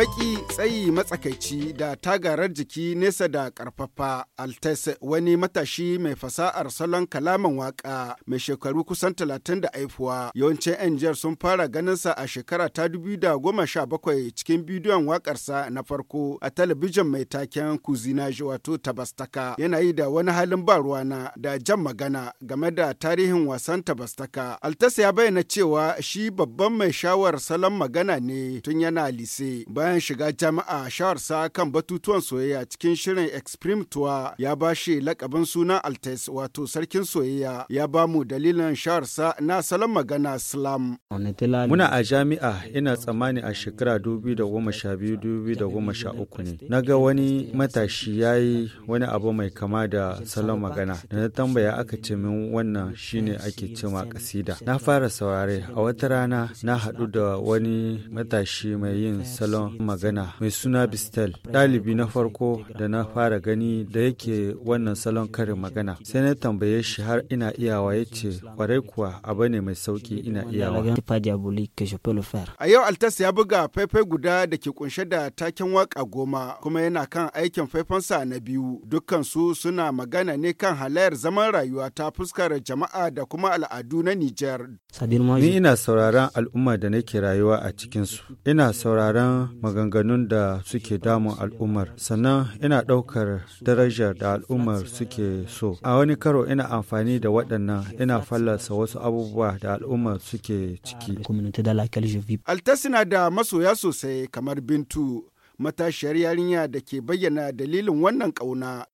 Mickey. tsayi matsakaici da tagarar jiki nesa da karfafa altes wani matashi mai fasa'ar salon kalaman waka mai shekaru kusan talatin da aifuwa yawancin yan jihar sun fara ganinsa a shekara ta bakwai cikin bidiyon wakarsa na farko a talabijin mai taken kuzina wato tabastaka yana yi da wani halin ba ruwana da jan magana game da tarihin wasan tabastaka altes ya bayyana cewa shi babban mai shawar salon magana ne tun yana lise bayan shiga jama'a shaharsa kan batutuwan soyayya cikin shirin Extreme Tour ya ba shi lakabin suna Altes wato sarkin soyayya ya ba mu dalilin shaarsa na salon magana Slam. Muna a jami'a ina tsammani a shekara 2012-2013 ne. Na ga wani matashi ya yi wani abu mai kama da salon magana da na tambaya aka ce min wannan shine ake cima kasida. Na fara saurare a wata rana na haɗu da wani matashi mai yin salon magana Ghana mai suna Bistel, ɗalibi na farko da na fara gani da yake wannan salon karin magana. Sai na tambaye shi har ina iyawa ya ce, kwarai kuwa abu ne mai sauki ina iyawa. A yau Altas ya buga faifai guda da ke kunshe da taken waka goma kuma yana kan aikin faifansa na biyu. Dukkan su suna magana ne kan halayar zaman rayuwa ta fuskar jama'a da kuma al'adu na Nijar. Ni ina sauraron al'umma da nake rayuwa a cikinsu. Ina sauraron maganganu fitintunun da suke damun al'ummar sannan ina ɗaukar darajar da al'ummar suke so a wani karo ina amfani da waɗannan ina fallasa wasu abubuwa da al'ummar suke ciki altasina da masoya sosai kamar bintu matashiyar yarinya da ke bayyana dalilin wannan ƙauna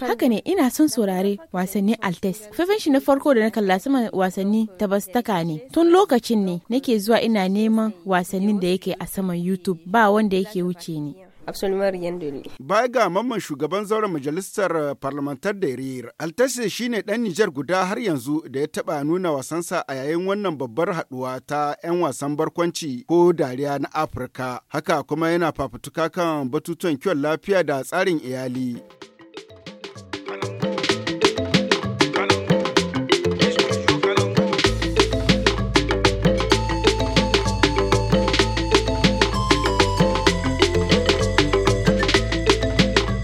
Haka ne ina son saurare wasanni Altes. Faifan shi na farko da na kalla sama wasanni ta bastaka ne. Tun lokacin ne nake zuwa ina neman wasannin da yake a saman YouTube ba wanda yake wuce ni. Baya ga mamman shugaban zauren majalisar eh, parlamentar da riyar, shi ne ɗan Nijar guda har yanzu da ya taɓa nuna wasansa a yayin wannan babbar haɗuwa ta 'yan wasan barkwanci ko dariya na Afirka. Haka kuma yana fafutuka kan batutuwan kiwon lafiya da tsarin iyali.